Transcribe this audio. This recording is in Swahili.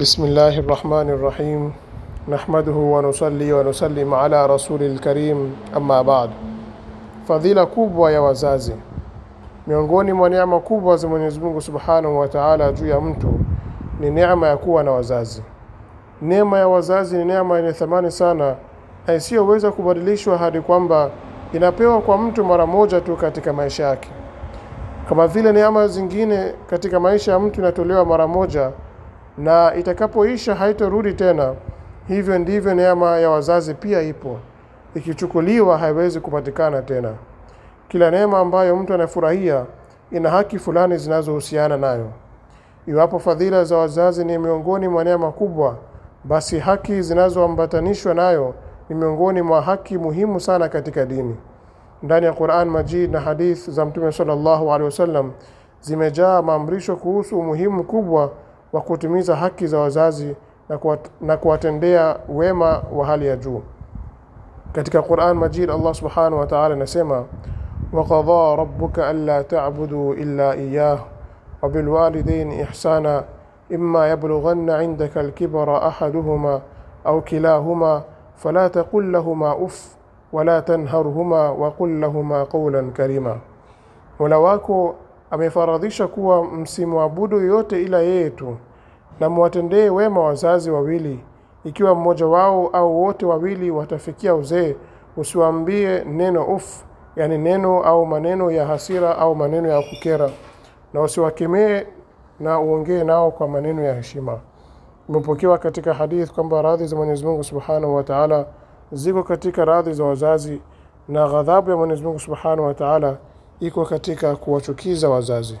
بسم الله الرحمن الرحيم نحمده ونصلي ونسلم ala rasuli lkarim ama baad. Fadhila kubwa ya wazazi. Miongoni mwa neema kubwa za Mwenyezi Mungu subhanahu wa taala juu ya mtu ni neema ya kuwa na wazazi. Neema ya wazazi ni neema yenye thamani sana na isiyoweza kubadilishwa hadi kwamba inapewa kwa mtu mara moja tu katika maisha yake, kama vile neema zingine katika maisha ya mtu inatolewa mara moja na itakapoisha haitorudi tena. Hivyo ndivyo neema ya wazazi pia ipo, ikichukuliwa haiwezi kupatikana tena. Kila neema ambayo mtu anafurahia ina haki fulani zinazohusiana nayo. Iwapo fadhila za wazazi ni miongoni mwa neema kubwa, basi haki zinazoambatanishwa nayo ni miongoni mwa haki muhimu sana katika dini. Ndani ya Quran Majid na hadith za Mtume sallallahu alaihi wasallam zimejaa maamrisho kuhusu umuhimu kubwa wa kutimiza haki za wazazi na kuwatendea wema wa hali ya juu katika Quran Majid Allah Subhanahu wa Ta'ala anasema وقضى ربك ألا تعبدوا إلا إياه وبالوالدين إحسانا إما يبلغن عندك الكبر أحدهما أو كلاهما فلا تقل لهما أف ولا تنهرهما وقل لهما قولا كريما ولواكو amefaradhisha kuwa msimwabudu yoyote ila yeye tu, na mwatendee wema wazazi wawili. Ikiwa mmoja wao au wote wawili watafikia uzee, usiwaambie neno uf yani neno au maneno ya hasira au maneno ya kukera, na usiwakemee na uongee nao kwa maneno ya heshima. Imepokewa katika hadith kwamba radhi za Mwenyezi Mungu Subhanahu wa Ta'ala ziko katika radhi za wazazi, na ghadhabu ya Mwenyezi Mungu Subhanahu wa Ta'ala iko katika kuwachukiza wazazi.